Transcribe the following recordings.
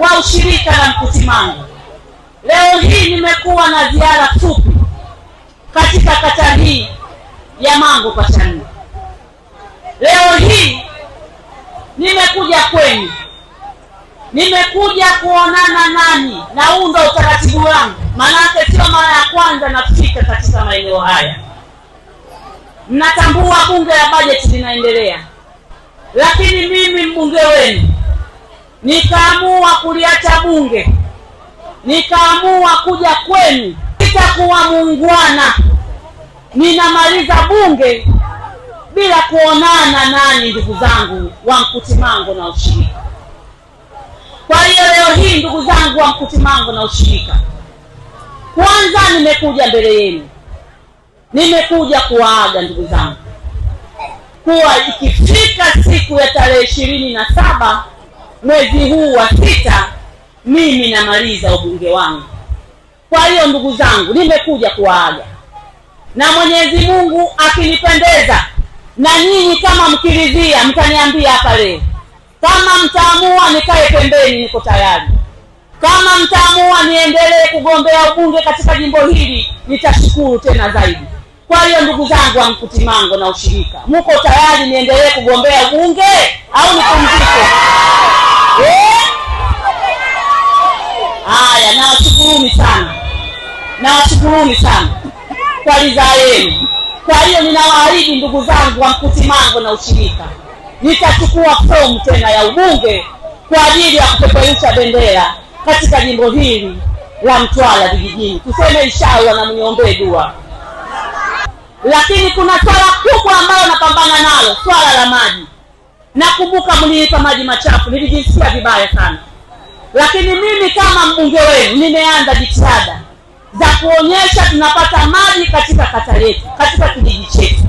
wa ushirika na Mkusimango. Leo hii nimekuwa na ziara fupi katika kata hii ya Mangu Pachani. Leo hii nimekuja kwenu, nimekuja kuonana nani, naunda utaratibu wangu, maanake sio mara ya kwanza nafika katika maeneo haya. Mnatambua bunge la bajeti linaendelea, lakini mimi mbunge wenu nikaamua kuliacha bunge, nikaamua kuja kwenu. Sitakuwa muungwana, ninamaliza bunge bila kuonana nani, ndugu zangu wa Mkutimango na ushirika. Kwa hiyo leo hii ndugu zangu wa Mkutimango na ushirika, kwanza nimekuja mbele yenu, nimekuja kuwaaga ndugu zangu kuwa ikifika siku ya tarehe ishirini na saba mwezi huu wa sita mimi namaliza ubunge wangu. Kwa hiyo ndugu zangu, nimekuja kuwaaga na Mwenyezi Mungu akinipendeza, na nyinyi kama mkiridhia, mtaniambia hapa leo. Kama mtaamua nikae pembeni, niko tayari. Kama mtaamua niendelee kugombea ubunge katika jimbo hili, nitashukuru tena zaidi. Kwa hiyo ndugu zangu wa Mkutimango na ushirika, muko tayari niendelee kugombea ubunge au nipumzike? Nawashukuruni sana kwa ridhaa yenu. Kwa hiyo ninawaahidi ndugu zangu wa mkutimango na ushirika, nitachukua fomu tena ya ubunge kwa ajili ya kupeperusha bendera katika jimbo hili la Mtwara vijijini, tuseme inshallah na mniombee dua. Lakini kuna swala kubwa ambayo napambana nalo, swala la maji. Nakumbuka mliipa maji machafu, nilijisikia vibaya sana, lakini mimi kama mbunge wenu nimeanza jitihada za kuonyesha tunapata maji katika kata yetu, katika kijiji chetu.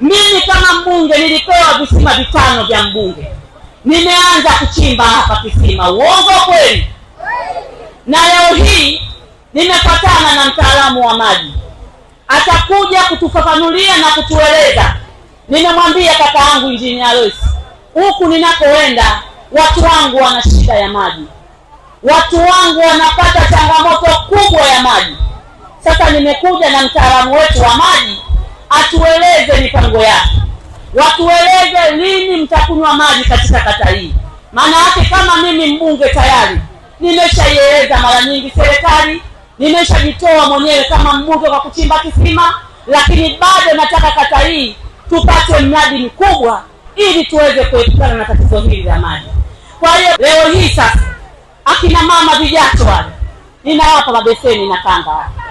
Mimi kama mbunge nilipewa visima vitano vya mbunge, nimeanza kuchimba hapa kisima. Uongo kweli? Na leo hii nimepatana na mtaalamu wa maji, atakuja kutufafanulia na kutueleza. Nimemwambia kaka yangu Injinia Lois, huku ninakoenda watu wangu wana shida ya maji watu wangu wanapata changamoto kubwa ya maji. Sasa nimekuja na mtaalamu wetu wa maji atueleze mipango yake, watueleze lini mtakunywa maji katika kata hii. Maana yake kama mimi mbunge tayari nimeshaieleza mara nyingi serikali, nimeshajitoa mwenyewe kama mbunge kwa kuchimba kisima, lakini bado nataka kata hii tupate mradi mkubwa ili tuweze kuepukana na tatizo hili la maji. Kwa hiyo leo hii sasa akina mama vijato wale, ninawapa mabeseni na kanga